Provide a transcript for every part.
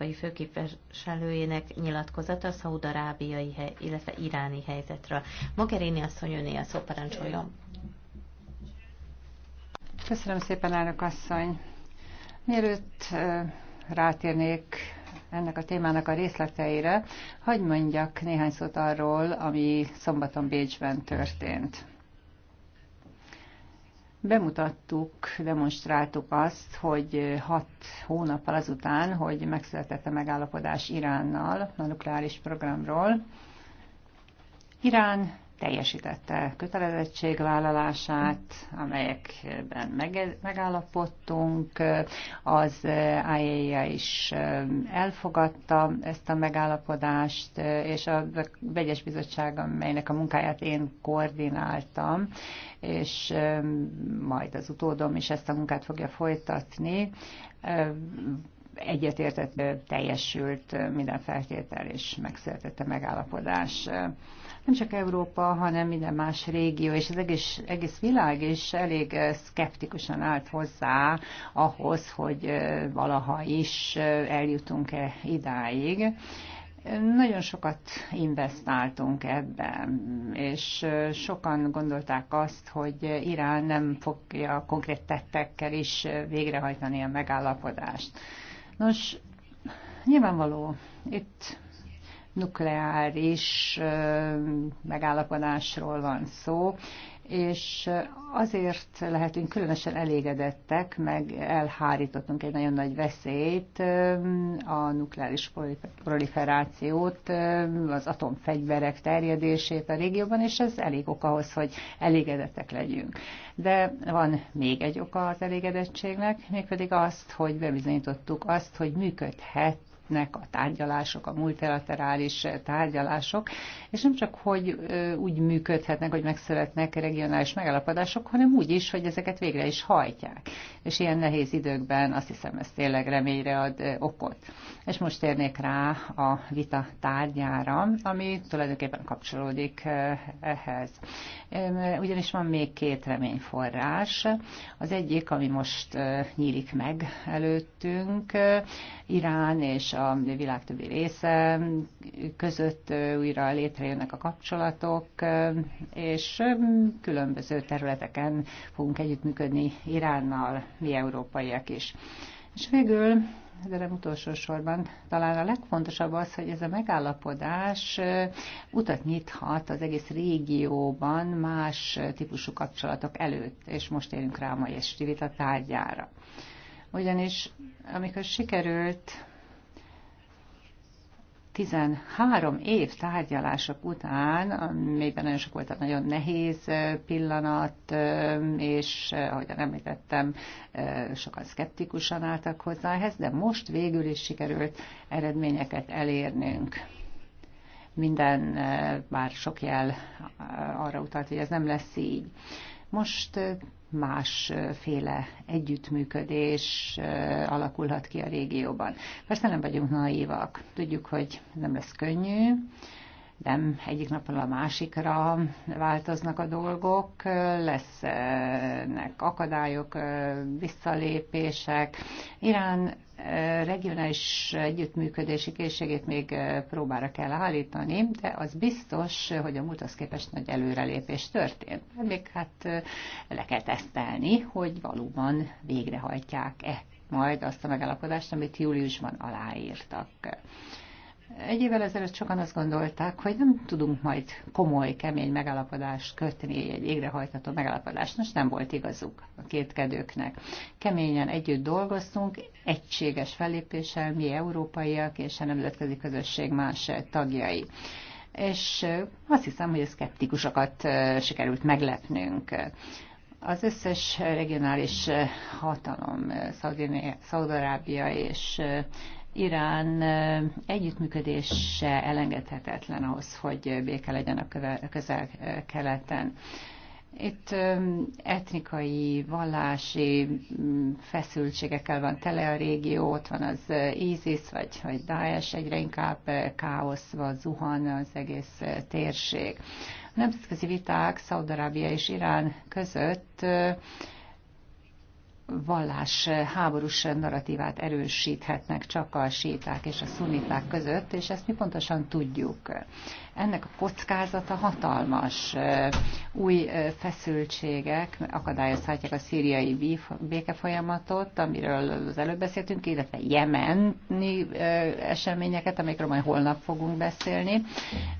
európai főképviselőjének nyilatkozata a szaudarábiai, illetve iráni helyzetről. Mogherini asszony önél a szó parancsoljon. Köszönöm szépen, elnök asszony. Mielőtt rátérnék ennek a témának a részleteire, hagy mondjak néhány szót arról, ami szombaton Bécsben történt bemutattuk, demonstráltuk azt, hogy hat hónappal azután, hogy megszületett a megállapodás Iránnal a nukleáris programról, Irán teljesítette kötelezettségvállalását, amelyekben megállapodtunk. Az eh, IAEA is eh, elfogadta ezt a megállapodást, eh, és a vegyes bizottság, amelynek a munkáját én koordináltam, és majd az utódom is ezt a munkát fogja folytatni egyetértett, teljesült minden feltétel, és megszületett a megállapodás. Nem csak Európa, hanem minden más régió, és az egész, egész világ is elég eh, szkeptikusan állt hozzá ahhoz, hogy eh, valaha is eh, eljutunk-e idáig. Nagyon sokat investáltunk ebben, és sokan gondolták azt, hogy Irán nem fogja konkrét tettekkel is végrehajtani a megállapodást. Nos, nyilvánvaló, itt nukleáris megállapodásról van szó, és azért lehetünk különösen elégedettek, meg elhárítottunk egy nagyon nagy veszélyt, a nukleáris proliferációt, az atomfegyverek terjedését a régióban, és ez elég ok ahhoz, hogy elégedettek legyünk. De van még egy oka az elégedettségnek, mégpedig azt, hogy bebizonyítottuk azt, hogy működhet vezetnek a tárgyalások, a multilaterális eh, tárgyalások, és nem csak, hogy úgy működhetnek, hogy megszületnek regionális megállapodások, hanem úgy is, hogy ezeket végre is hajtják. És ilyen nehéz időkben azt hiszem, ez tényleg reményre ad okot. És most térnék rá a vita tárgyára, ami tulajdonképpen kapcsolódik ehhez ugyanis van még két reményforrás. Az egyik, ami most nyílik meg előttünk, Irán és a világ többi része között újra létrejönnek a kapcsolatok, és különböző területeken fogunk együttműködni Iránnal, mi európaiak is. És végül de nem utolsó sorban talán a legfontosabb az, hogy ez a megállapodás utat nyithat az egész régióban más típusú kapcsolatok előtt, és most érünk rá a mai esti vita tárgyára. Ugyanis amikor sikerült 13 év tárgyalások után, amiben nagyon sok volt a nagyon nehéz pillanat, és ahogy említettem, sokan szkeptikusan álltak hozzá ehhez, de most végül is sikerült eredményeket elérnünk. Minden, bár sok jel arra utalt, hogy ez nem lesz így. Most másféle együttműködés alakulhat ki a régióban. Persze nem vagyunk naívak. Tudjuk, hogy nem lesz könnyű, nem egyik napról a másikra változnak a dolgok, lesznek akadályok, visszalépések. Irán regionális együttműködési készségét még próbára kell állítani, de az biztos, hogy a múlthoz képest nagy előrelépés történt. Még hát le kell tesztelni, hogy valóban végrehajtják-e majd azt a megállapodást, amit júliusban aláírtak. Egy évvel ezelőtt sokan azt gondolták, hogy nem tudunk majd komoly, kemény megállapodást kötni, egy égrehajtató megalapodást. Most nem volt igazuk a kétkedőknek. Keményen együtt dolgoztunk, egységes fellépéssel mi európaiak és a nemzetközi közösség más tagjai. És azt hiszem, hogy a szkeptikusokat sikerült meglepnünk. Az összes regionális hatalom, Szaudarábia és Irán együttműködése elengedhetetlen ahhoz, hogy béke legyen a közel-keleten. Itt etnikai, vallási feszültségekkel van tele a régió, ott van az ISIS, vagy, vagy Daesh, egyre inkább káoszva zuhan az egész térség. A nemzetközi viták Szaudarábia és Irán között vallás háborús narratívát erősíthetnek csak a séták és a szuniták között, és ezt mi pontosan tudjuk ennek a kockázata hatalmas. Új feszültségek akadályozhatják a szíriai békefolyamatot, amiről az előbb beszéltünk, illetve jemeni eseményeket, amikről majd holnap fogunk beszélni.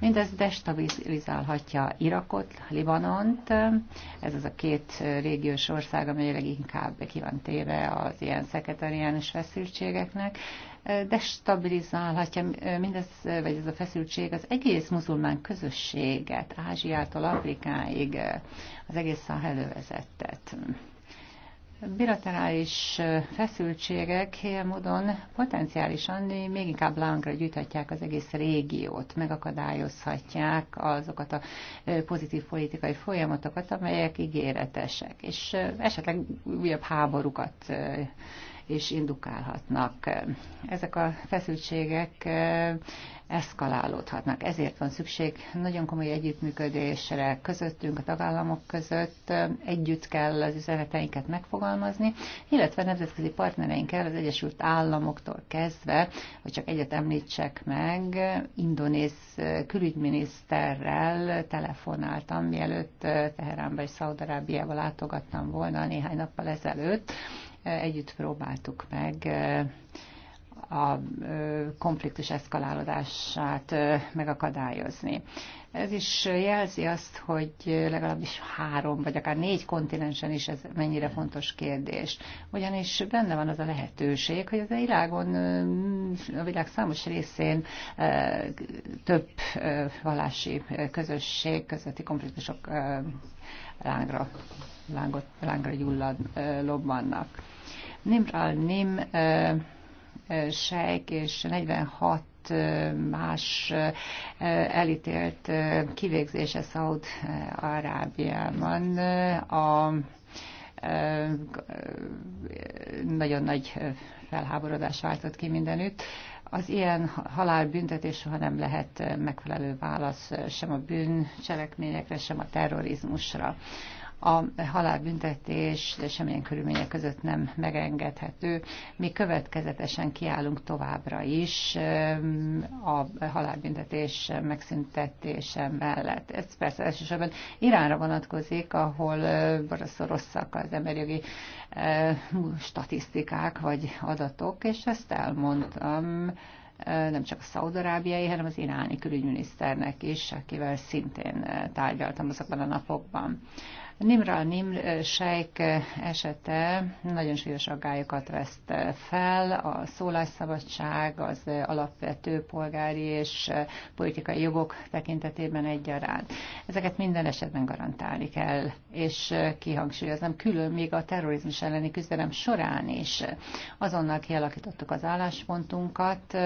Mindez destabilizálhatja Irakot, Libanont. Ez az a két régiós ország, amely leginkább ki van téve az ilyen szekretariánus feszültségeknek, destabilizálhatja mindez, vagy ez a feszültség az egész muzulmán közösséget, Ázsiától Afrikáig, az egész Száhelővezetet. Bilaterális feszültségek ilyen módon potenciálisan még inkább lángra gyűjthetják az egész régiót, megakadályozhatják azokat a pozitív politikai folyamatokat, amelyek ígéretesek, és esetleg újabb háborúkat és indukálhatnak. Ezek a feszültségek eszkalálódhatnak. Ezért van szükség nagyon komoly együttműködésre közöttünk, a tagállamok között. Együtt kell az üzeneteinket megfogalmazni, illetve nemzetközi partnereinkkel, az Egyesült Államoktól kezdve, hogy csak egyet említsek meg, indonéz külügyminiszterrel telefonáltam, mielőtt Teheránba és Szaudarábiába látogattam volna néhány nappal ezelőtt, Együtt próbáltuk meg eh, a konfliktus eszkalálódását megakadályozni. Ez is jelzi azt, hogy legalábbis három vagy akár négy kontinensen is ez mennyire fontos kérdés. Ugyanis benne van az a lehetőség, hogy az a világon, a világ számos részén több vallási közösség közötti konfliktusok lángra lángot, lángra gyullad, lobbannak. Nimr al-Nim sejk és 46 más elítélt kivégzése Szaud-Arábiában a nagyon nagy felháborodás váltott ki mindenütt. Az ilyen halálbüntetés soha nem lehet megfelelő válasz sem a bűncselekményekre, sem a terrorizmusra a halálbüntetés semmilyen körülmények között nem megengedhető. Mi következetesen kiállunk továbbra is a halálbüntetés megszüntetése mellett. Ez persze elsősorban Iránra vonatkozik, ahol rosszak az emberjogi statisztikák vagy adatok, és ezt elmondtam nem csak a szaudarábiai, hanem az iráni külügyminiszternek is, akivel szintén tárgyaltam azokban a napokban. Nimra Nimr Sejk esete nagyon súlyos aggályokat veszt eh, fel, a szólásszabadság, az eh, alapvető polgári és eh, politikai jogok tekintetében egyaránt. Ezeket minden esetben garantálni kell, és kihangsúlyoznám külön még a terrorizmus elleni küzdelem során is. Azonnal kialakítottuk az álláspontunkat,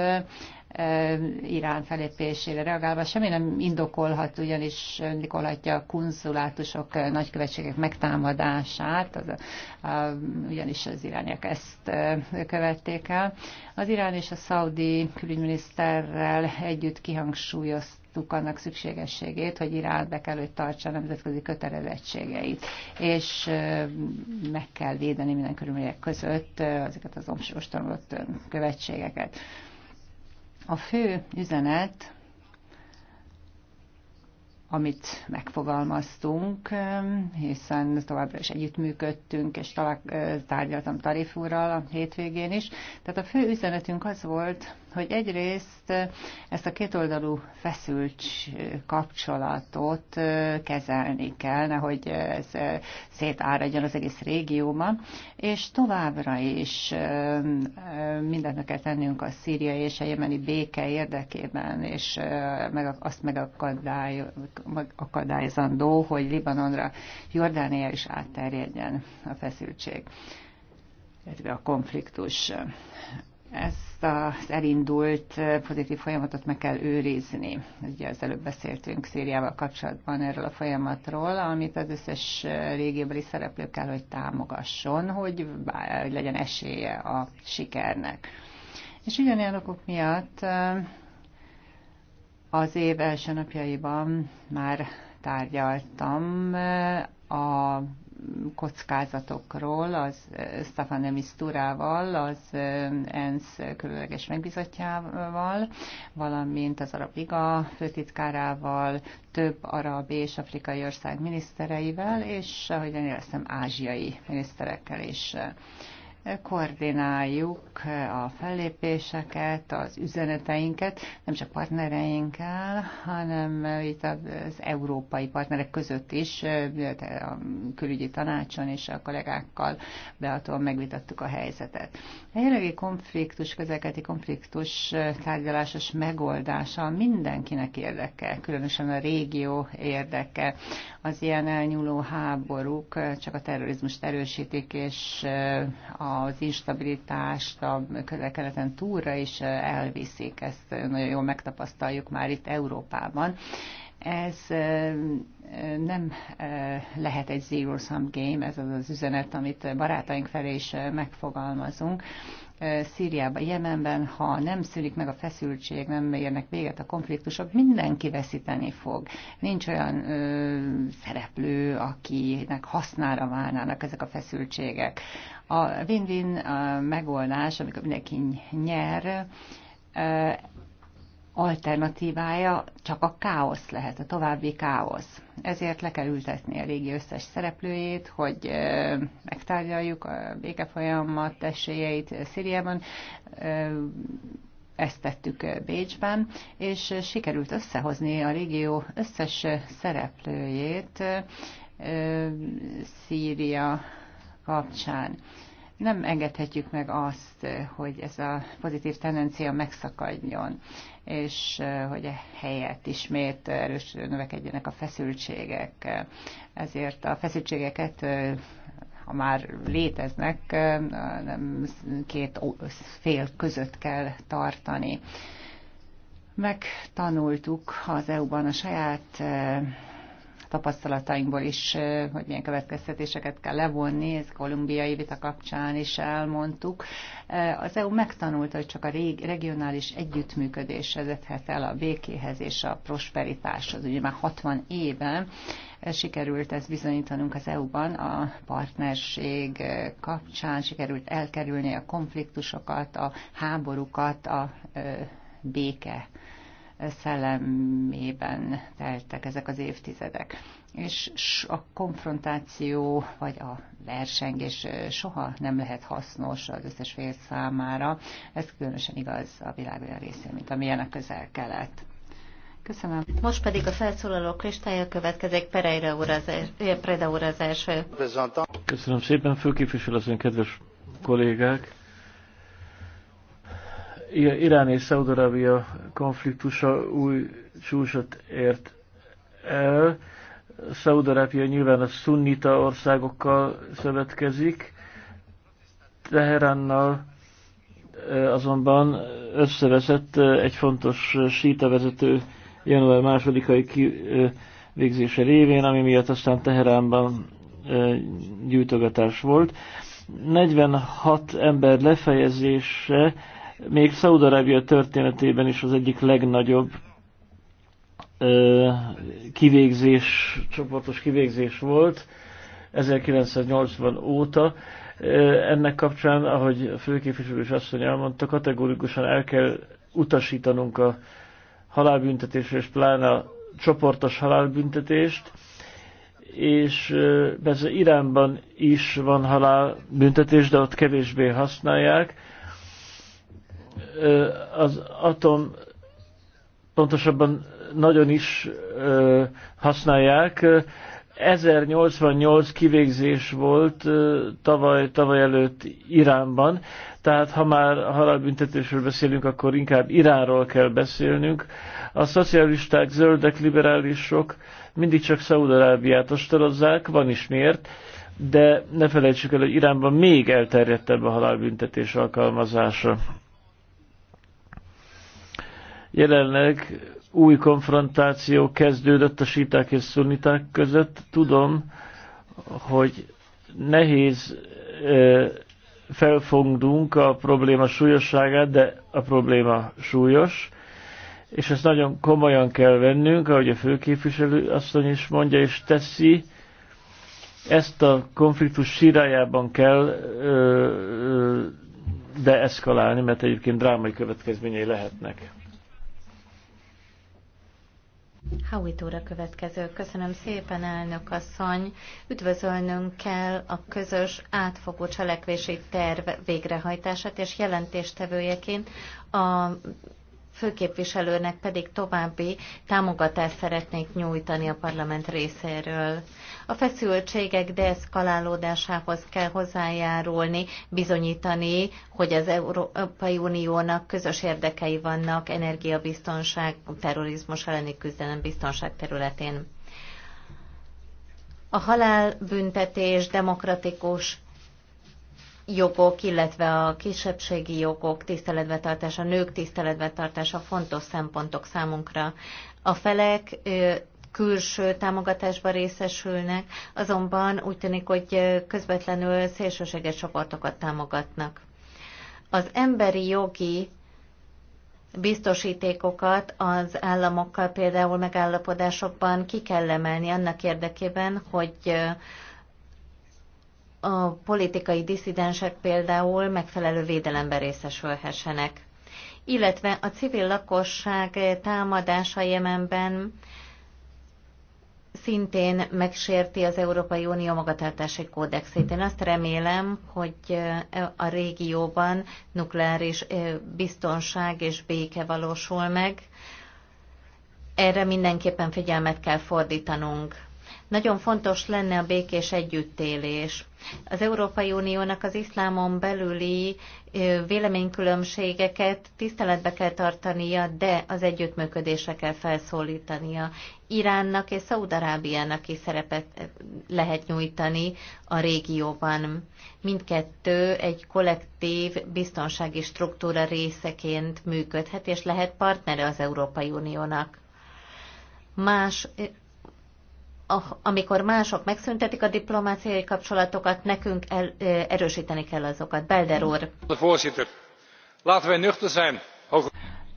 Irán felépésére reagálva. Semmi nem indokolhat, ugyanis indokolhatja a konzulátusok, nagykövetségek megtámadását, az, a, ugyanis az irániak ezt követték el. Az irán és a szaudi külügyminiszterrel együtt kihangsúlyozta, annak szükségességét, hogy Irán be kell, hogy tartsa a nemzetközi kötelezettségeit, és meg kell védeni minden körülmények között ezeket az omsorostanulott követségeket. A fő üzenet, amit megfogalmaztunk, hiszen továbbra is együttműködtünk, és talál, tárgyaltam Tarifúrral a hétvégén is. Tehát a fő üzenetünk az volt, hogy egyrészt ezt a kétoldalú feszült kapcsolatot kezelni kell, nehogy ez szétáradjon az egész régióban, és továbbra is mindent kell tennünk a szíriai és a jemeni béke érdekében, és meg, azt megakadály, megakadályozandó, hogy Libanonra, Jordánia is átterjedjen a feszültség illetve a konfliktus ezt az elindult pozitív folyamatot meg kell őrizni. Ugye az előbb beszéltünk Szíriával kapcsolatban erről a folyamatról, amit az összes régióbeli szereplő kell, hogy támogasson, hogy, bár, hogy legyen esélye a sikernek. És ugyanilyen okok miatt eh, az év első napjaiban már tárgyaltam eh, a kockázatokról az eh, Stefan Misturával, az eh, ENSZ különleges megbizotjával, valamint az Arab Liga főtitkárával, több arab és afrikai ország minisztereivel, és ahogy én éreztem, ázsiai miniszterekkel is koordináljuk a fellépéseket, az üzeneteinket, nem csak partnereinkkel, hanem itt az európai partnerek között is, a külügyi tanácson és a kollégákkal beatóan megvitattuk a helyzetet. A jelenlegi konfliktus, közelketi konfliktus tárgyalásos megoldása mindenkinek érdeke, különösen a régió érdeke. Az ilyen elnyúló háborúk csak a terrorizmust erősítik, és a az instabilitást a közel-keleten túlra is elviszik. Ezt nagyon jól megtapasztaljuk már itt Európában ez nem lehet egy zero-sum game, ez az az üzenet, amit barátaink felé is megfogalmazunk. Szíriában, Jemenben, ha nem szűnik meg a feszültség, nem érnek véget a konfliktusok, mindenki veszíteni fog. Nincs olyan ö, szereplő, akinek hasznára válnának ezek a feszültségek. A win-win megoldás, amikor mindenki nyer, alternatívája csak a káosz lehet, a további káosz. Ezért le kell ültetni a régi összes szereplőjét, hogy megtárgyaljuk a békefolyamat esélyeit Szíriában. Ezt tettük Bécsben, és sikerült összehozni a régió összes szereplőjét Szíria kapcsán. Nem engedhetjük meg azt, hogy ez a pozitív tendencia megszakadjon, és hogy a e helyet ismét erős növekedjenek a feszültségek. Ezért a feszültségeket ha már léteznek, nem két fél között kell tartani megtanultuk az EU-ban a saját tapasztalatainkból is, hogy milyen következtetéseket kell levonni, ez kolumbiai vita kapcsán is elmondtuk. Az EU megtanulta, hogy csak a rég, regionális együttműködés vezethet el a békéhez és a prosperitáshoz. Ugye már 60 éve sikerült ezt bizonyítanunk az EU-ban a partnerség kapcsán, sikerült elkerülni a konfliktusokat, a háborúkat, a béke szellemében teltek ezek az évtizedek. És a konfrontáció vagy a versengés soha nem lehet hasznos az összes fél számára. Ez különösen igaz a világ olyan részén, mint amilyen a közel-kelet. Köszönöm. Most pedig a felszólaló listája következik Pereira úr az, e- Preda úr az első. Köszönöm szépen, főképviselő, kedves kollégák! Irán és Szaudarabia konfliktusa új csúcsot ért el. Szaudarabia nyilván a szunnita országokkal szövetkezik, Teheránnal e, azonban összeveszett e, egy fontos síta vezető január másodikai kivégzése e, révén, ami miatt aztán Teheránban gyűjtogatás volt. 46 ember lefejezése még Szaudarábia történetében is az egyik legnagyobb kivégzés, csoportos kivégzés volt 1980 óta. Ennek kapcsán, ahogy a főképviselő is asszony elmondta, kategórikusan el kell utasítanunk a halálbüntetésre, és pláne a csoportos halálbüntetést, és ez Iránban is van halálbüntetés, de ott kevésbé használják, az atom pontosabban nagyon is használják. 1088 kivégzés volt tavaly, tavaly előtt Iránban, tehát ha már halálbüntetésről beszélünk, akkor inkább Iránról kell beszélnünk. A szocialisták, zöldek, liberálisok mindig csak Szaúd-Arábiát ostorozzák, van is miért, de ne felejtsük el, hogy Iránban még elterjedtebb a halálbüntetés alkalmazása. Jelenleg új konfrontáció kezdődött a síták és szuniták között. Tudom, hogy nehéz felfogdunk a probléma súlyosságát, de a probléma súlyos, és ezt nagyon komolyan kell vennünk, ahogy a főképviselő asszony is mondja, és teszi, ezt a konfliktus sírájában kell de ö, deeszkalálni, mert egyébként drámai következményei lehetnek. Howitt óra következő. Köszönöm szépen, elnök asszony. Üdvözölnünk kell a közös átfogó cselekvési terv végrehajtását, és jelentéstevőjeként a főképviselőnek pedig további támogatást szeretnék nyújtani a parlament részéről. A feszültségek deeszkalálódásához kell hozzájárulni, bizonyítani, hogy az Európai Uniónak közös érdekei vannak energiabiztonság, terrorizmus elleni küzdelem biztonság területén. A halálbüntetés demokratikus jogok, illetve a kisebbségi jogok tiszteletbe tartása, nők tiszteletbe tartása fontos szempontok számunkra. A felek külső támogatásba részesülnek, azonban úgy tűnik, hogy közvetlenül szélsőséges csoportokat támogatnak. Az emberi jogi biztosítékokat az államokkal például megállapodásokban ki kell emelni annak érdekében, hogy a politikai diszidensek például megfelelő védelemben részesülhessenek. Illetve a civil lakosság támadása Jemenben szintén megsérti az Európai Unió magatartási kódexét. Én azt remélem, hogy a régióban nukleáris biztonság és béke valósul meg. Erre mindenképpen figyelmet kell fordítanunk. Nagyon fontos lenne a békés együttélés. Az Európai Uniónak az iszlámon belüli véleménykülönbségeket tiszteletbe kell tartania, de az együttműködésre kell felszólítania. Iránnak és Szaudarábiának is szerepet lehet nyújtani a régióban. Mindkettő egy kollektív biztonsági struktúra részeként működhet, és lehet partnere az Európai Uniónak. Más Ah, amikor mások megszüntetik a diplomáciai kapcsolatokat, nekünk el, erősíteni kell azokat. Belder úr. Voorzitter, zijn.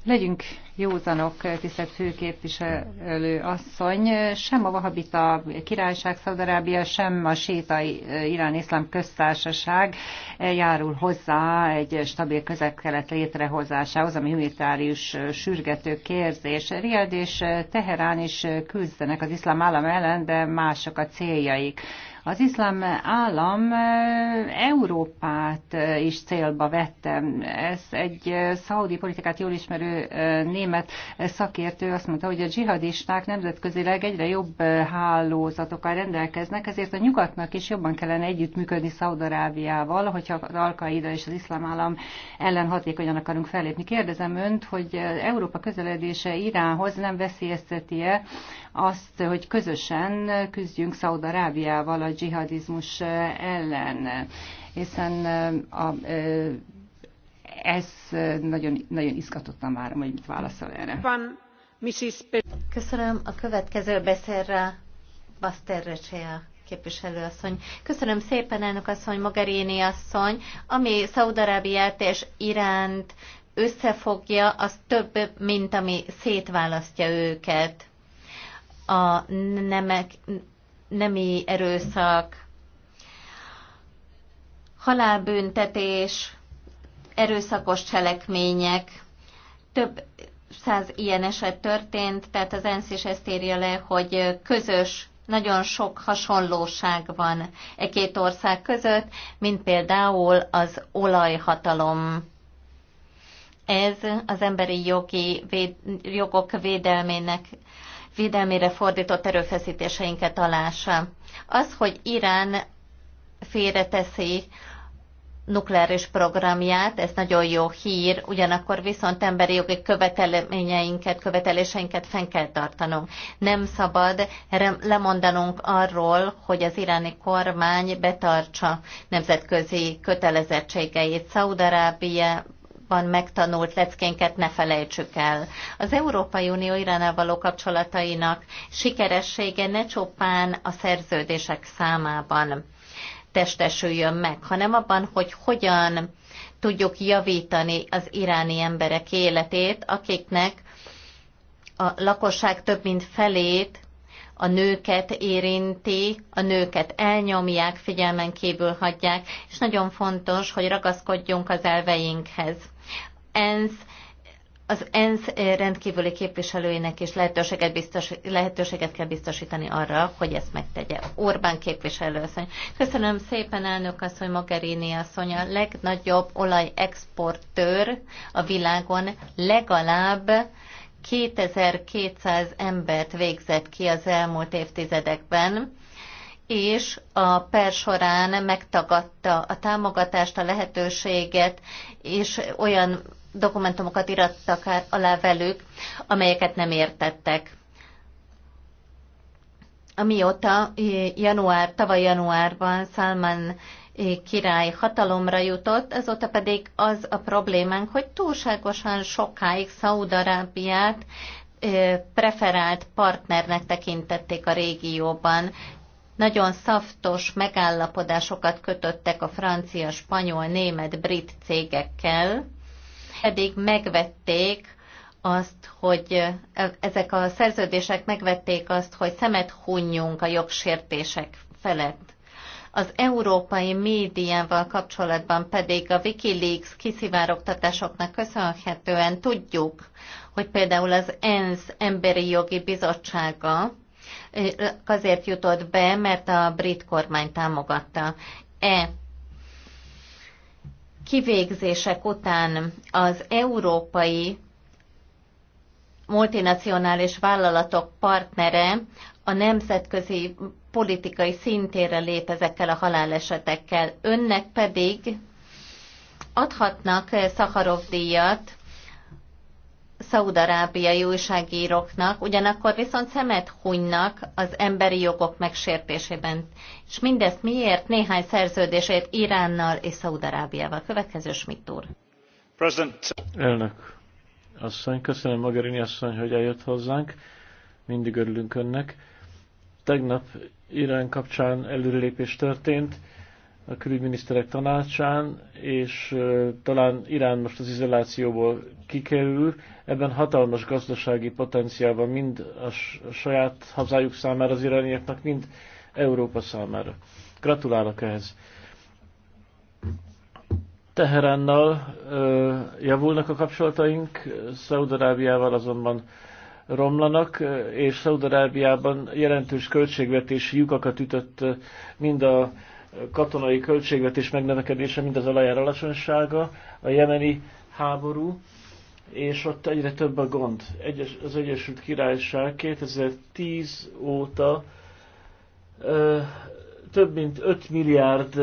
Legyünk józanok, tisztelt főképviselő asszony, sem a Vahabita királyság Szaudarábia, sem a sétai eh, irán iszlám köztársaság eh, járul hozzá egy stabil közepkelet létrehozásához, ami humanitárius eh, sürgető kérzés. Riad és Teherán is küzdenek az iszlám állam ellen, de mások a céljaik az iszlám állam Európát is célba vette. Ez egy szaudi politikát jól ismerő német szakértő azt mondta, hogy a dzsihadisták nemzetközileg egyre jobb hálózatokkal rendelkeznek, ezért a nyugatnak is jobban kellene együttműködni Szaudarábiával, hogyha az Alkaida és az iszlám állam ellen hatékonyan akarunk fellépni. Kérdezem önt, hogy Európa közeledése Iránhoz nem veszélyezteti-e azt, hogy közösen küzdjünk Szaudarábiával a dzsihadizmus ellen, hiszen a, ez nagyon, nagyon izgatottan várom, hogy mit válaszol erre. Van Köszönöm. A következő beszélre, rá Baster Recea képviselőasszony. Köszönöm szépen, elnök asszony, Mogherini asszony, ami Szaudarábiát és Iránt összefogja, az több, mint ami szétválasztja őket. A nemek nemi erőszak, halálbüntetés, erőszakos cselekmények, több száz ilyen eset történt, tehát az ENSZ is ezt írja le, hogy közös, nagyon sok hasonlóság van e két ország között, mint például az olajhatalom. Ez az emberi jogi véd, jogok védelmének védelmére fordított erőfeszítéseinket alása. Az, hogy Irán félreteszi nukleáris programját, ez nagyon jó hír, ugyanakkor viszont emberi jogi követelményeinket, követeléseinket fenn kell tartanunk. Nem szabad lemondanunk arról, hogy az iráni kormány betartsa nemzetközi kötelezettségeit. Szaudarábia Ban megtanult leckénket ne felejtsük el. Az Európai Unió iránál való kapcsolatainak sikeressége ne csupán a szerződések számában testesüljön meg, hanem abban, hogy hogyan tudjuk javítani az iráni emberek életét, akiknek a lakosság több mint felét a nőket érinti, a nőket elnyomják, figyelmen kívül hagyják, és nagyon fontos, hogy ragaszkodjunk az elveinkhez ENSZ az ENSZ eh, rendkívüli képviselőinek is lehetőséget, biztos, lehetőséget kell biztosítani arra, hogy ezt megtegye. Orbán képviselő asszony. Köszönöm szépen, elnök asszony, Mogherini asszony, a legnagyobb olajexportőr a világon legalább 2200 embert végzett ki az elmúlt évtizedekben és a per során megtagadta a támogatást, a lehetőséget, és olyan dokumentumokat irattak alá velük, amelyeket nem értettek. Amióta január, tavaly januárban Salman király hatalomra jutott, azóta pedig az a problémánk, hogy túlságosan sokáig Szaúd-Arábiát preferált partnernek tekintették a régióban, nagyon szaftos megállapodásokat kötöttek a francia, spanyol, német, brit cégekkel, pedig megvették azt, hogy e, ezek a szerződések megvették azt, hogy szemet hunjunk a jogsértések felett. Az európai médiával kapcsolatban pedig a Wikileaks kiszivárogtatásoknak köszönhetően tudjuk, hogy például az ENSZ Emberi Jogi Bizottsága azért jutott be, mert a brit kormány támogatta. E kivégzések után az európai multinacionális vállalatok partnere a nemzetközi politikai szintére lép ezekkel a halálesetekkel. Önnek pedig adhatnak Szaharov díjat szaudarábiai újságíróknak, ugyanakkor viszont szemet hunynak az emberi jogok megsértésében. És mindezt miért? Néhány szerződését Iránnal és Szaudarábiával. Következő Schmidt úr. President. Elnök asszony, köszönöm Magarini asszony, hogy eljött hozzánk. Mindig örülünk önnek. Tegnap Irán kapcsán előrelépés történt a külügyminiszterek tanácsán, és talán Irán most az izolációból kikerül. Ebben hatalmas gazdasági potenciál van mind a saját hazájuk számára, az irániaknak, mind Európa számára. Gratulálok ehhez. Teheránnal javulnak a kapcsolataink, Szaudarábiával azonban romlanak, és Szaudarábiában jelentős költségvetési lyukakat ütött mind a katonai költségvetés megnevekedése, mind az olajár alacsonysága, a jemeni háború, és ott egyre több a gond. Egyes, az Egyesült Királyság 2010 óta ö, több mint 5 milliárd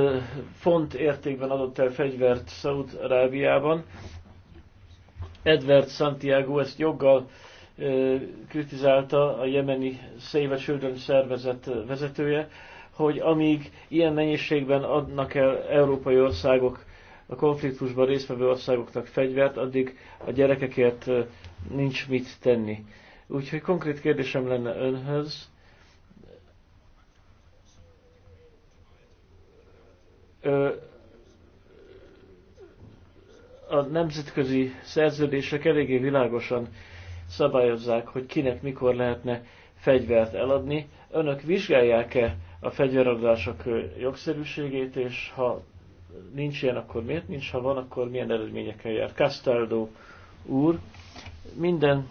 font értékben adott el fegyvert Szaúd-Arábiában. Edward Santiago ezt joggal ö, kritizálta a jemeni Save a Children szervezet vezetője, hogy amíg ilyen mennyiségben adnak el európai országok, a konfliktusban résztvevő országoknak fegyvert, addig a gyerekekért nincs mit tenni. Úgyhogy konkrét kérdésem lenne önhöz. A nemzetközi szerződések eléggé világosan szabályozzák, hogy kinek mikor lehetne fegyvert eladni. Önök vizsgálják-e a fegyveradások jogszerűségét, és ha nincs ilyen, akkor miért nincs, ha van, akkor milyen eredményekkel jár. Castaldo úr, minden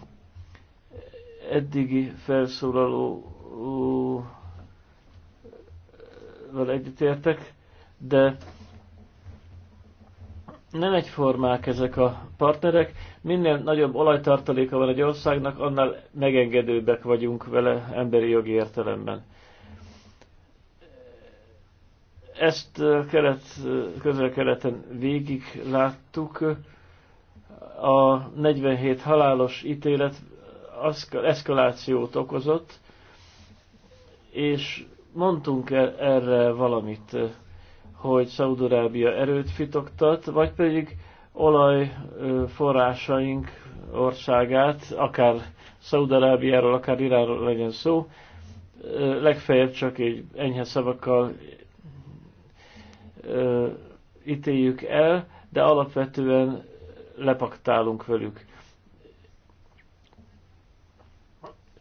eddigi felszólaló vel egyetértek, de nem egyformák ezek a partnerek. Minél nagyobb olajtartaléka van egy országnak, annál megengedőbbek vagyunk vele emberi jogi értelemben. Ezt kelet, közel-keleten végig láttuk. A 47 halálos ítélet eszkalációt okozott, és mondtunk e-, erre valamit, hogy Szaudorábia erőt fitoktat, vagy pedig olajforrásaink országát, akár Szaudarábiáról, akár Iránról legyen szó, legfeljebb csak egy enyhe szavakkal ö, ítéljük el, de alapvetően lepaktálunk velük.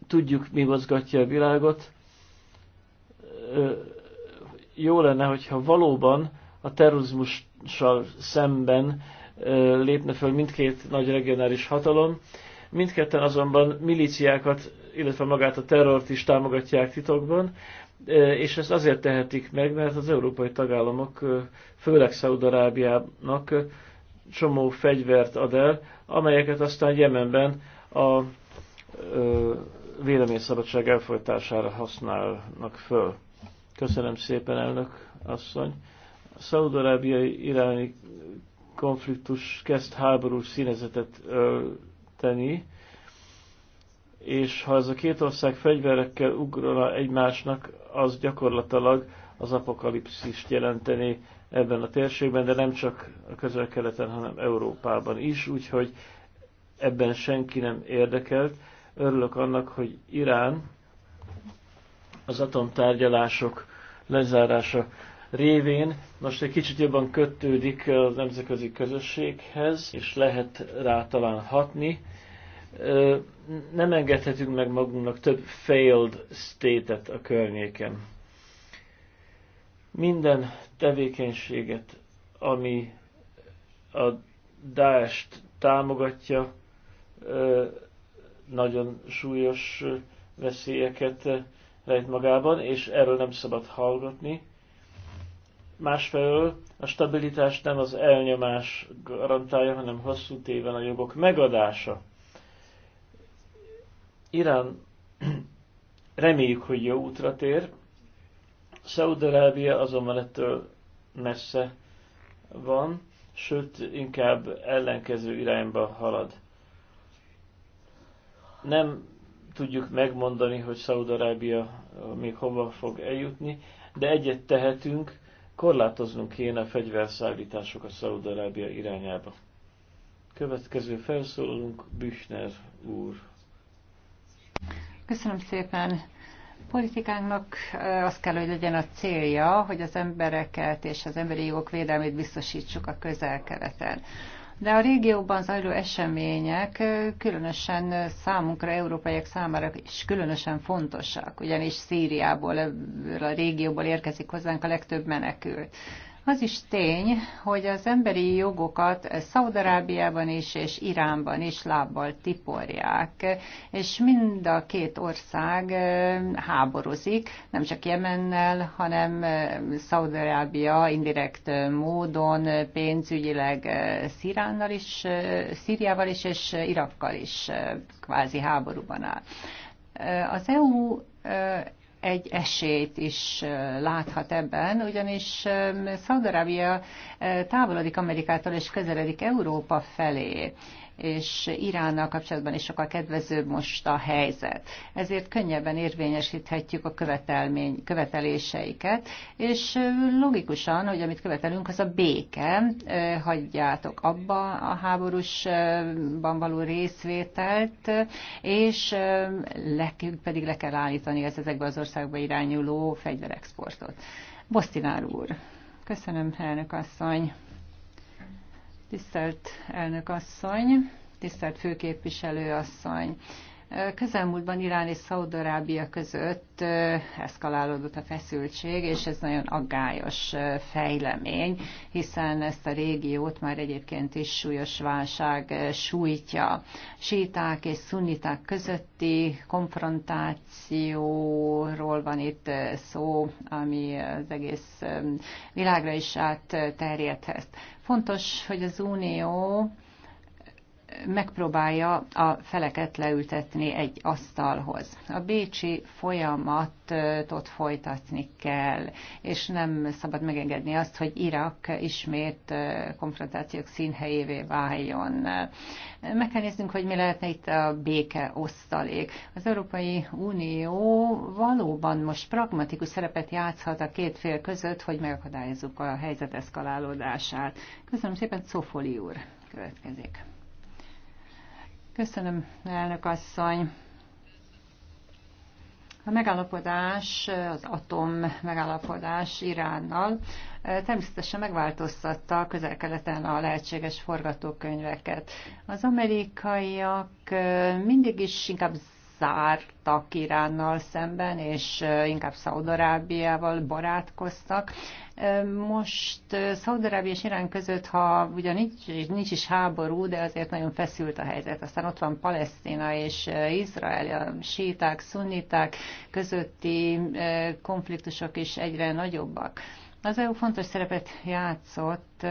Tudjuk, mi mozgatja a világot. jó lenne, hogyha valóban a terrorizmussal szemben lépne föl mindkét nagy regionális hatalom. Mindketten azonban milíciákat illetve magát a terrort is támogatják titokban, e, és ezt azért tehetik meg, mert az európai tagállamok, e, főleg Szaudarábiának e, csomó fegyvert ad el, amelyeket aztán Jemenben a véleményszabadság elfolytására használnak föl. Köszönöm szépen, elnök asszony. A szaudarábiai iráni konfliktus kezd háborús színezetet tenni és ha ez a két ország fegyverekkel ugrana egymásnak, az gyakorlatilag az apokalipszist jelenteni ebben a térségben, de nem csak a közel-keleten, hanem Európában is, úgyhogy ebben senki nem érdekelt. Örülök annak, hogy Irán az atomtárgyalások lezárása révén most egy kicsit jobban kötődik a nemzetközi közösséghez, és lehet rá talán hatni nem engedhetünk meg magunknak több failed state-et a környéken. Minden tevékenységet, ami a Daest támogatja, nagyon súlyos veszélyeket rejt magában, és erről nem szabad hallgatni. Másfelől a stabilitás nem az elnyomás garantálja, hanem hosszú téven a jogok megadása Irán reméljük, hogy jó útra tér. Szaudarábia azonban ettől messze van, sőt, inkább ellenkező irányba halad. Nem tudjuk megmondani, hogy Szaudarábia még hova fog eljutni, de egyet tehetünk, korlátoznunk kéne a fegyverszállításokat Szaudarábia irányába. Következő felszólalunk Büchner úr. Köszönöm szépen. Politikánknak az kell, hogy legyen a célja, hogy az embereket és az emberi jogok védelmét biztosítsuk a közel-keleten. De a régióban zajló események különösen számunkra, európaiak számára is különösen fontosak, ugyanis Szíriából, a régióból érkezik hozzánk a legtöbb menekült. Az is tény, hogy az emberi jogokat Szaudarábiában is és Iránban is lábbal tiporják, és mind a két ország háborúzik, nem csak Jemennel, hanem Szaudarábia indirekt módon pénzügyileg Szíránnal is, Szíriával is és Irakkal is kvázi háborúban áll. Az EU egy esélyt is láthat ebben, ugyanis Szaudarábia távolodik Amerikától és közeledik Európa felé és Iránnal kapcsolatban is sokkal kedvezőbb most a helyzet. Ezért könnyebben érvényesíthetjük a követelmény, követeléseiket, és logikusan, hogy amit követelünk, az a béke, hagyjátok abba a háborúsban való részvételt, és nekünk pedig le kell állítani az ezekbe az országba irányuló fegyverexportot. Bosztinár úr. Köszönöm, elnök asszony. Tisztelt elnök asszony, tisztelt főképviselő asszony! Közelmúltban Irán és Szaudarábia között eszkalálódott a feszültség, és ez nagyon aggályos fejlemény, hiszen ezt a régiót már egyébként is súlyos válság sújtja. Síták és szunniták közötti konfrontációról van itt szó, ami az egész világra is átterjedhet. Fontos, hogy az Unió megpróbálja a feleket leültetni egy asztalhoz. A bécsi folyamatot folytatni kell, és nem szabad megengedni azt, hogy Irak ismét konfrontációk színhelyévé váljon. Meg kell néznünk, hogy mi lehetne itt a béke osztalék. Az Európai Unió valóban most pragmatikus szerepet játszhat a két fél között, hogy megakadályozzuk a helyzet eszkalálódását. Köszönöm szépen, Cofoli úr következik. Köszönöm, elnök asszony. A megállapodás, az atom megállapodás Iránnal eh, természetesen megváltoztatta a közel-keleten a lehetséges forgatókönyveket. Az amerikaiak eh, mindig is inkább zártak Iránnal szemben, és inkább Szaudarábiával barátkoztak. Most Szaudarábia és Irán között, ha ugyan nincs, nincs is háború, de azért nagyon feszült a helyzet. Aztán ott van Palesztina és Izrael, a síták, szunniták közötti konfliktusok is egyre nagyobbak. Az EU fontos szerepet játszott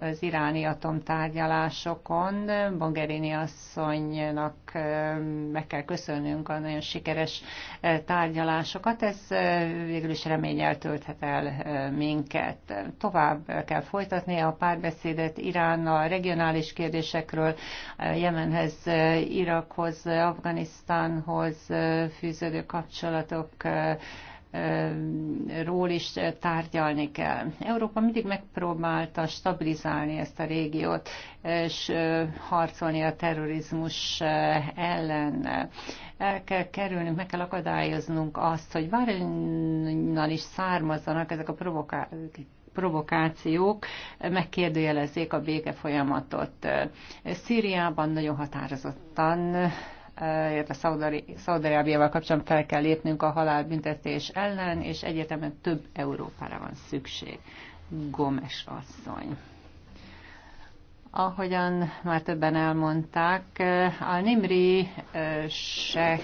az iráni atomtárgyalásokon. Bongerini asszonynak meg kell köszönnünk a nagyon sikeres tárgyalásokat. Ez végül is reményel tölthet el minket. Tovább kell folytatni a párbeszédet Iránnal, regionális kérdésekről, Jemenhez, Irakhoz, Afganisztánhoz fűződő kapcsolatok ról is tárgyalni kell. Európa mindig megpróbálta stabilizálni ezt a régiót, és harcolni a terrorizmus ellen. El kell kerülnünk, meg kell akadályoznunk azt, hogy bárhonnan is származzanak ezek a provokációk, provokációk megkérdőjelezzék a béke folyamatot. Szíriában nagyon határozottan Eh, illetve Szaudarábiával kapcsolatban fel kell lépnünk a halálbüntetés ellen, és egyértelműen több Európára van szükség. Gomes asszony. Ahogyan már többen elmondták, eh, a Nimri eh, seh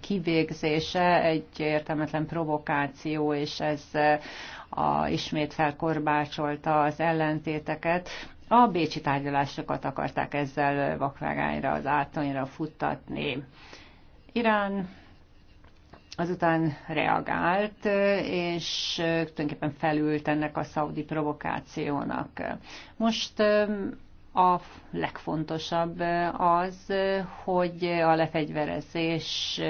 kivégzése egy értelmetlen provokáció, és ez a, ismét felkorbácsolta az ellentéteket. A bécsi tárgyalásokat akarták ezzel vakvágányra, az átonyra futtatni. Irán azután reagált, és tulajdonképpen felült ennek a szaudi provokációnak. Most a legfontosabb az, hogy a lefegyverezés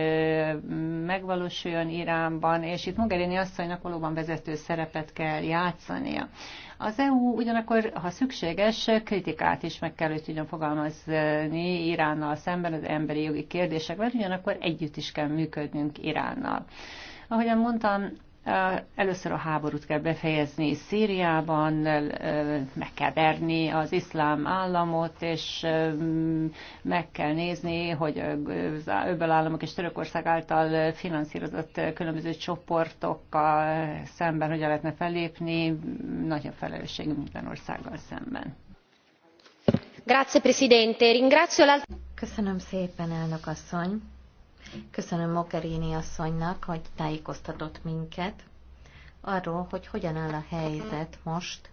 megvalósuljon Iránban, és itt Mogherini asszonynak valóban vezető szerepet kell játszania. Az EU ugyanakkor, ha szükséges, kritikát is meg kell, hogy tudjon fogalmazni Iránnal szemben az emberi jogi kérdésekben, ugyanakkor együtt is kell működnünk Iránnal. Ahogyan mondtam, Először a háborút kell befejezni Szíriában, meg kell verni az iszlám államot, és meg kell nézni, hogy az öböl államok és Törökország által finanszírozott különböző csoportokkal szemben hogyan lehetne fellépni, nagyobb felelősség minden országgal szemben. Grazie Presidente, ringrazio Köszönöm szépen, elnök asszony. Köszönöm Mokeréni asszonynak, hogy tájékoztatott minket arról, hogy hogyan áll a helyzet most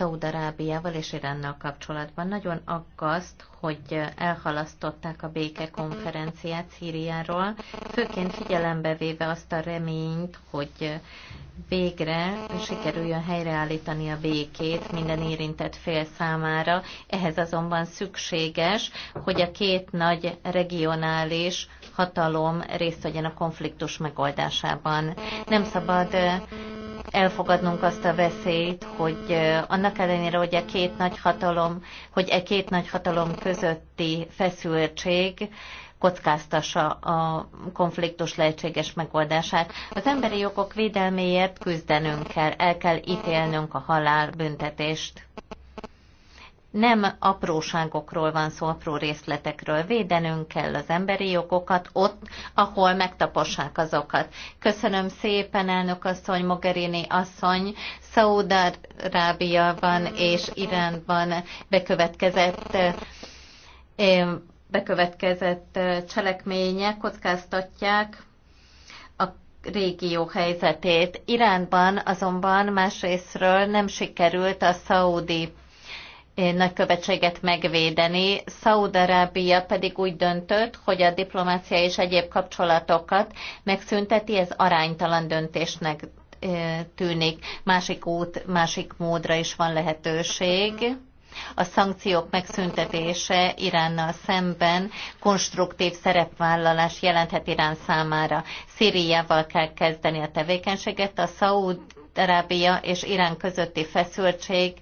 Szaudarábiával és Iránnal kapcsolatban. Nagyon aggaszt, hogy elhalasztották a békekonferenciát Szíriáról, főként figyelembe véve azt a reményt, hogy végre sikerüljön helyreállítani a békét minden érintett fél számára. Ehhez azonban szükséges, hogy a két nagy regionális hatalom részt vegyen a konfliktus megoldásában. Nem szabad elfogadnunk azt a veszélyt, hogy annak ellenére, hogy a e két nagy hatalom, hogy e két nagy hatalom közötti feszültség kockáztassa a konfliktus lehetséges megoldását. Az emberi jogok védelméért küzdenünk kell, el kell ítélnünk a halálbüntetést nem apróságokról van szó, apró részletekről. Védenünk kell az emberi jogokat ott, ahol megtapossák azokat. Köszönöm szépen, elnök asszony, Mogherini asszony, van és Iránban bekövetkezett eh, bekövetkezett eh, cselekmények kockáztatják a régió helyzetét. Iránban azonban másrésztről nem sikerült a szaudi nagykövetséget megvédeni. Szaudarábia pedig úgy döntött, hogy a diplomácia és egyéb kapcsolatokat megszünteti, ez aránytalan döntésnek tűnik. Másik út, másik módra is van lehetőség. A szankciók megszüntetése Iránnal szemben konstruktív szerepvállalás jelenthet Irán számára. Szíriával kell kezdeni a tevékenységet, a Szaúd Arábia és Irán közötti feszültség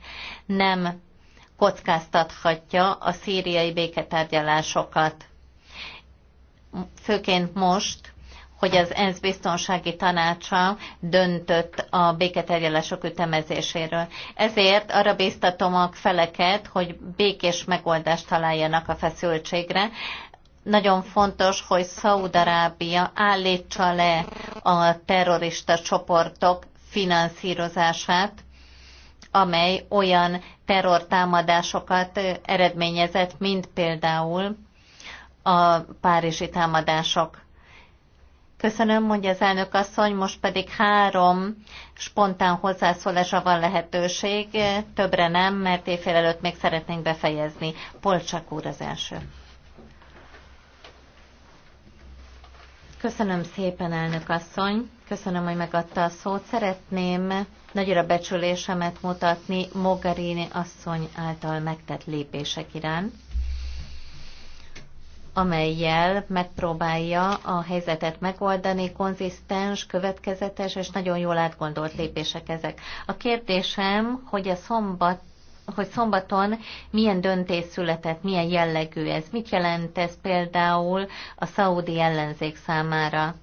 nem kockáztathatja a szíriai béketárgyalásokat. Főként most, hogy az ENSZ biztonsági tanácsa döntött a béketárgyalások ütemezéséről. Ezért arra bíztatom a feleket, hogy békés megoldást találjanak a feszültségre. Nagyon fontos, hogy Szaúd-Arábia állítsa le a terrorista csoportok finanszírozását, amely olyan terrortámadásokat eredményezett, mint például a párizsi támadások. Köszönöm, mondja az elnök asszony, most pedig három spontán hozzászólásra van lehetőség, többre nem, mert éjfél előtt még szeretnénk befejezni. Polcsak úr az első. Köszönöm szépen, elnök asszony. Köszönöm, hogy megadta a szót. Szeretném nagyra becsülésemet mutatni Mogherini asszony által megtett lépések iránt amelyel megpróbálja a helyzetet megoldani, konzisztens, következetes és nagyon jól átgondolt lépések ezek. A kérdésem, hogy a szombat hogy szombaton milyen döntés született, milyen jellegű ez, mit jelent ez például a szaudi ellenzék számára,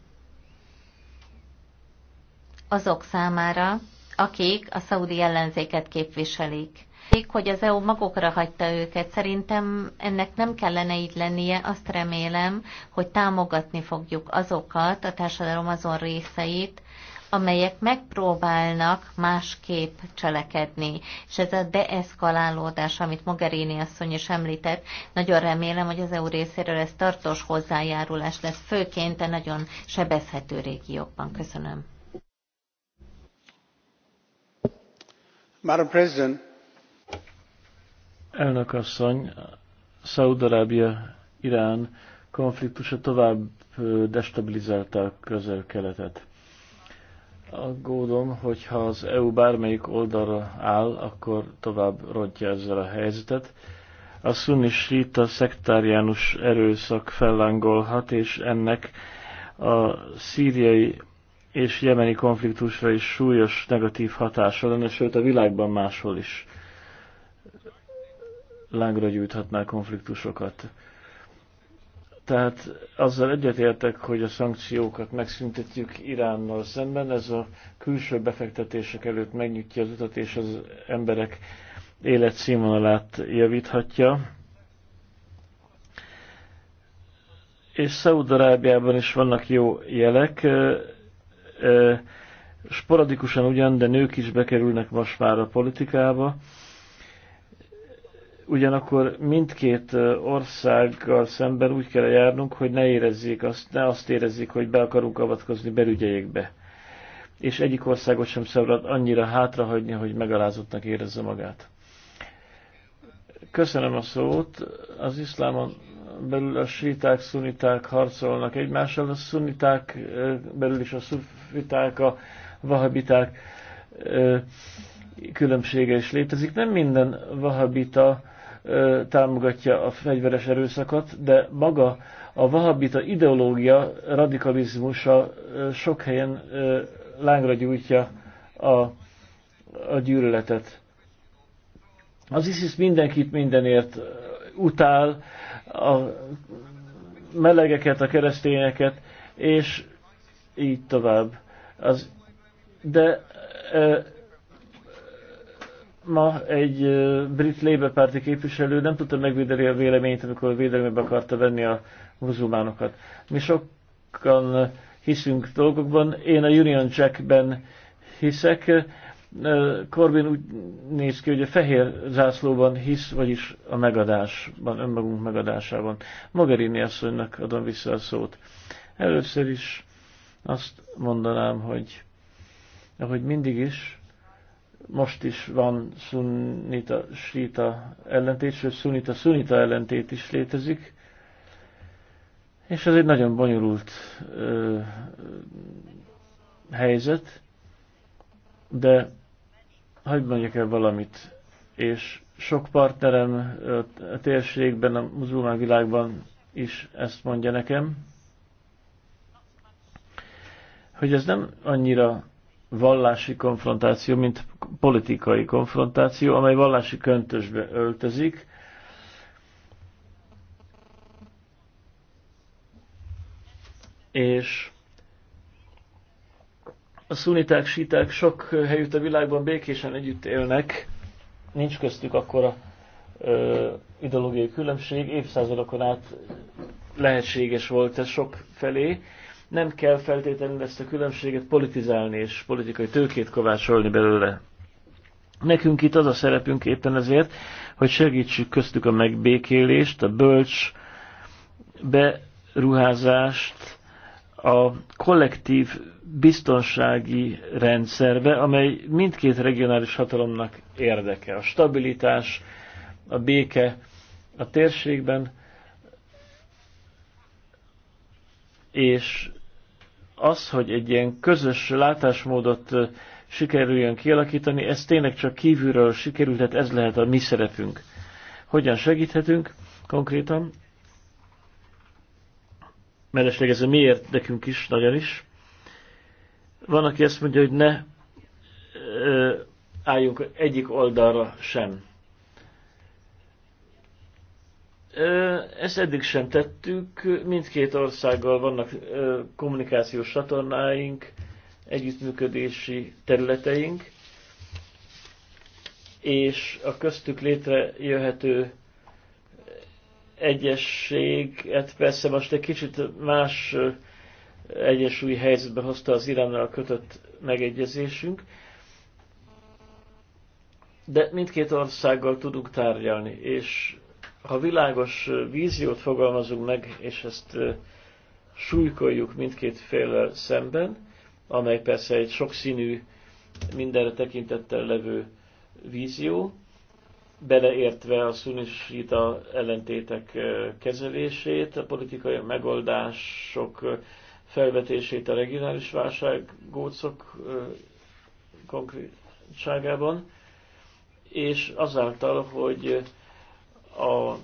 azok számára, akik a szaudi ellenzéket képviselik. Hogy az EU magukra hagyta őket, szerintem ennek nem kellene így lennie, azt remélem, hogy támogatni fogjuk azokat, a társadalom azon részeit, amelyek megpróbálnak másképp cselekedni. És ez a deeszkalálódás, amit Mogherini asszony is említett, nagyon remélem, hogy az EU részéről ez tartós hozzájárulás lesz, főként a nagyon sebezhető régiókban. Köszönöm. Madam President. Elnök asszony, Szaudarábia, Irán konfliktusa tovább destabilizálta a közel-keletet aggódom, hogyha az EU bármelyik oldalra áll, akkor tovább rontja ezzel a helyzetet. A szunni a szektáriánus erőszak fellángolhat, és ennek a szíriai és jemeni konfliktusra is súlyos negatív hatása lenne, sőt a világban máshol is lángra gyűjthatná konfliktusokat. Tehát azzal egyetértek, hogy a szankciókat megszüntetjük Iránnal szemben, ez a külső befektetések előtt megnyitja az utat, és az emberek életszínvonalát javíthatja. És Szaúd-Arábiában is vannak jó jelek. Sporadikusan ugyan, de nők is bekerülnek most már a politikába Ugyanakkor mindkét országgal szemben úgy kell járnunk, hogy ne érezzék azt, ne azt érezzék, hogy be akarunk avatkozni belügyeikbe. És egyik országot sem szabad annyira hátrahagyni, hogy megalázottnak érezze magát. Köszönöm a szót. Az iszlámon belül a síták, szuniták harcolnak egymással, a szuniták belül is a szufiták, a vahabiták különbsége is létezik. Nem minden vahabita támogatja a fegyveres erőszakot, de maga a vahabita ideológia radikalizmusa sok helyen lángra gyújtja a, a gyűlöletet. Az ISIS mindenkit mindenért utál, a melegeket, a keresztényeket, és így tovább. Az, de ma egy brit Labour párti képviselő nem tudta megvédeni a véleményt, amikor a védelmébe akarta venni a muzulmánokat. Mi sokan hiszünk dolgokban, én a Union Jackben hiszek, Corbyn úgy néz ki, hogy a fehér zászlóban hisz, vagyis a megadásban, önmagunk megadásában. Mogherini asszonynak adom vissza a szót. Először is azt mondanám, hogy ahogy mindig is, most is van szunita síta ellentét, sőt szunita szunita ellentét is létezik, és ez egy nagyon bonyolult ö, helyzet, de hagyd mondjak el valamit, és sok partnerem a térségben, a muzulmán világban is ezt mondja nekem, hogy ez nem annyira vallási konfrontáció, mint politikai konfrontáció, amely vallási köntösbe öltözik. És a szuniták, síták sok helyütt a világban békésen együtt élnek, nincs köztük akkor a ideológiai különbség, évszázadokon át lehetséges volt ez sok felé, nem kell feltétlenül ezt a különbséget politizálni és politikai tőkét kovácsolni belőle. Nekünk itt az a szerepünk éppen ezért, hogy segítsük köztük a megbékélést, a bölcs beruházást a kollektív biztonsági rendszerbe, amely mindkét regionális hatalomnak érdeke. A stabilitás, a béke a térségben, és az, hogy egy ilyen közös látásmódot sikerüljön kialakítani, ez tényleg csak kívülről sikerült, tehát ez lehet a mi szerepünk. Hogyan segíthetünk konkrétan? Mellesleg ez a mi érdekünk is, nagyon is. Van, aki azt mondja, hogy ne álljunk egyik oldalra sem. Ezt eddig sem tettük, mindkét országgal vannak kommunikációs csatornáink, együttműködési területeink, és a köztük létrejöhető egyességet persze most egy kicsit más egyensúlyi helyzetbe hozta az Iránnal kötött megegyezésünk, de mindkét országgal tudunk tárgyalni, és ha világos víziót fogalmazunk meg, és ezt súlykoljuk mindkét féllel szemben, amely persze egy sokszínű, mindenre tekintettel levő vízió, beleértve a szunisita ellentétek kezelését, a politikai megoldások felvetését a regionális válság konkrétságában, és azáltal, hogy a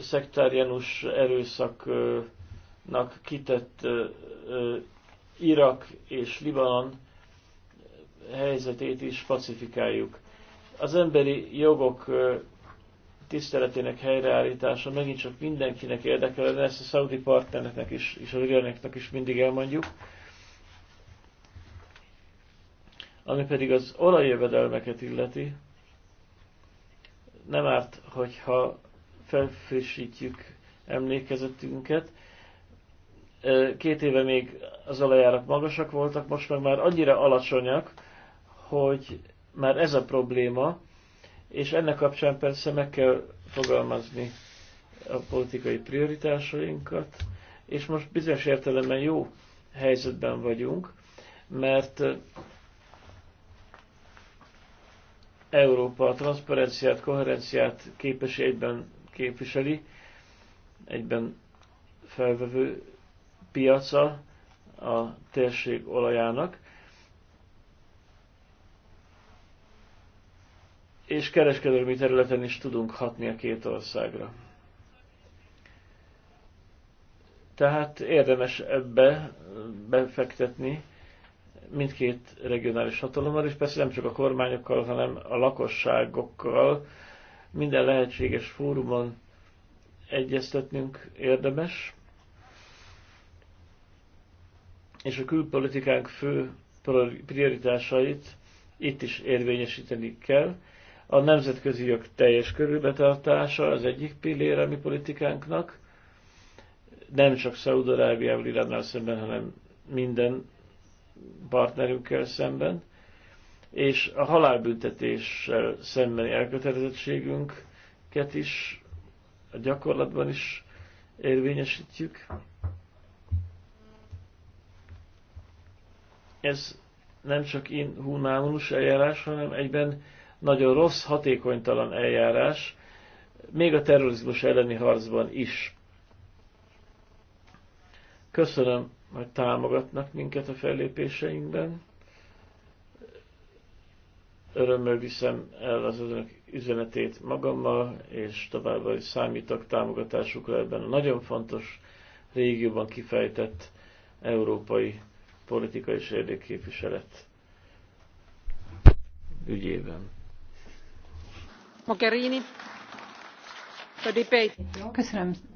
szektáriánus erőszaknak kitett Irak és Libanon helyzetét is pacifikáljuk. Az emberi jogok tiszteletének helyreállítása megint csak mindenkinek érdekel, de ezt a szaudi partnereknek is, és a irányoknak is mindig elmondjuk. Ami pedig az olajjövedelmeket illeti, nem árt, hogyha felfrissítjük emlékezetünket. Két éve még az olajárak magasak voltak, most meg már annyira alacsonyak, hogy már ez a probléma, és ennek kapcsán persze meg kell fogalmazni a politikai prioritásainkat, és most bizonyos értelemben jó helyzetben vagyunk, mert Európa a transzparenciát, koherenciát képes egyben képviseli, egyben felvevő piaca a térség olajának, és kereskedelmi területen is tudunk hatni a két országra. Tehát érdemes ebbe befektetni mindkét regionális hatalommal, és persze nem csak a kormányokkal, hanem a lakosságokkal minden lehetséges fórumon egyeztetnünk érdemes. És a külpolitikánk fő prioritásait itt is érvényesíteni kell. A nemzetközi jog teljes körülbetartása az egyik pillér a mi politikánknak, nem csak Szaúd-Arábiával, Iránnal szemben, hanem minden partnerünkkel szemben, és a halálbüntetéssel szembeni elkötelezettségünket is a gyakorlatban is érvényesítjük. Ez nem csak inhumánus eljárás, hanem egyben nagyon rossz, hatékonytalan eljárás, még a terrorizmus elleni harcban is. Köszönöm majd támogatnak minket a fellépéseinkben. Örömmel viszem el az önök üzenetét magammal, és továbbá is számítok támogatásukra ebben a nagyon fontos régióban kifejtett európai politikai és érdekképviselet ügyében. Mogherini. Köszönöm